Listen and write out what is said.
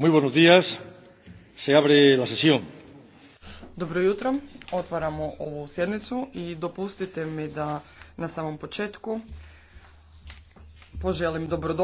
Muy buenos días. Se abre Dobro jutro. Otvaramo ovu sjednicu i dopustite mi da na samom početku poželim dobrodošli